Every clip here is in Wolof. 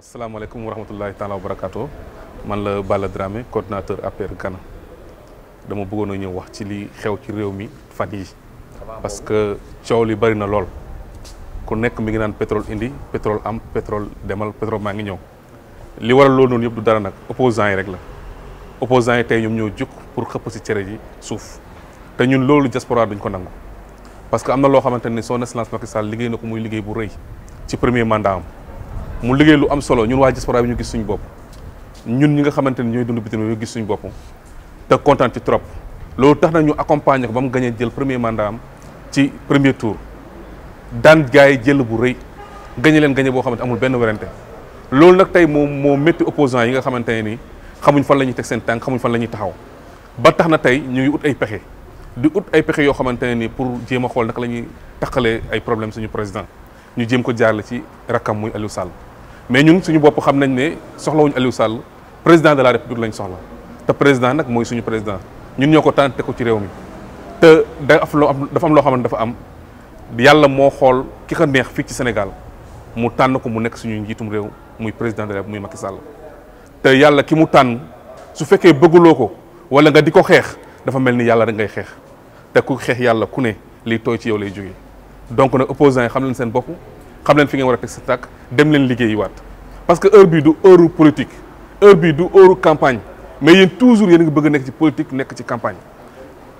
asalaamaaleykum wa rahmatulahi taala wa barakaatu man la Balla Dramé coordinateur APR Ghana dama bëggoon a ñëw wax ci li xew ci réew mi fan yi parce que coow li bari na lool ku nekk mi ngi naan pétrole indi pétrole am pétrole demal pétrole maa ngi ñëw li waral loolu noonu yëpp du dara nag opposants yi rek la opposants yi tey ñoom ñoo jukk pour xëpp si cere ji suuf te ñun loolu diaspora duñ ko nangu parce que am na loo xamante ni son excellence Macky Sall liggéey na ko muy liggéey bu rëy ci premier mandat mu liggéey lu am solo ñun waa diaspora bi ñu gis suñu bopp ñun ñi nga xamante ni ñooy dund bitim ñu gis suñu bopp te kontaan ci trop loolu tax na ñu accompagner ko ba mu gañee jël premier mandat am ci premier tour daan gaay yi jël bu rëy gañe leen gañe boo xamante amul benn werante loolu nag tey moom moo métti opposant yi nga xamante ne ni xamuñ fan la ñuy teg seen tànk xamuñ fan la ñuy taxaw ba tax na tey ñuy ut ay pexe di ut ay pexe yoo xamante ne ni pour jéem a xool naka la ñuy taqalee ay problème suñu président ñu jéem ko jaarale ci rakkam muy Aliou Sall mais ñun suñu bopp xam nañ ne soxlawuñu Aliou Sall président de la république lañ soxla te président nag mooy suñu président ñun ñoo ko tànn te ko ci réew mi te da af loo dafa am loo xam ne dafa am yàlla moo xool ki ko neex fii ci Sénégal mu tànn ko mu nekk suñu njiitum réew muy président de la muy Macky Sall te yàlla ki mu tànn su fekkee bëgguloo ko wala nga di ko xeex dafa mel ni yàlla rek ngay xeex te ku xeex yàlla ku ne liy tooy ci yow lay jógee donc nag yi xam leen seen bopp xam leen fi ngeen war a teg sa tàkk dem leen liggéeyiwaat parce que heure bidou, du heure politique heure bidou, du heure campagne mais il y yéen a ngi bëgg nekk ci politique nekk ci campagne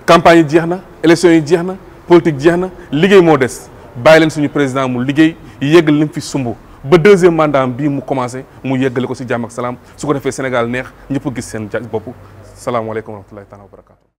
campagne yi jeex na élection yi jeex na politique jeex na liggéey moo des bàyyi leen suñu président mu liggéey yeggal li mu fi sumb ba deuxième mandat bi mu commencé mu yeggale ko si jàmm ak salaam su ko defee Sénégal neex ñëpp gis seen bopp salaamaaleykum wa rahmatullahi taala wa barakatu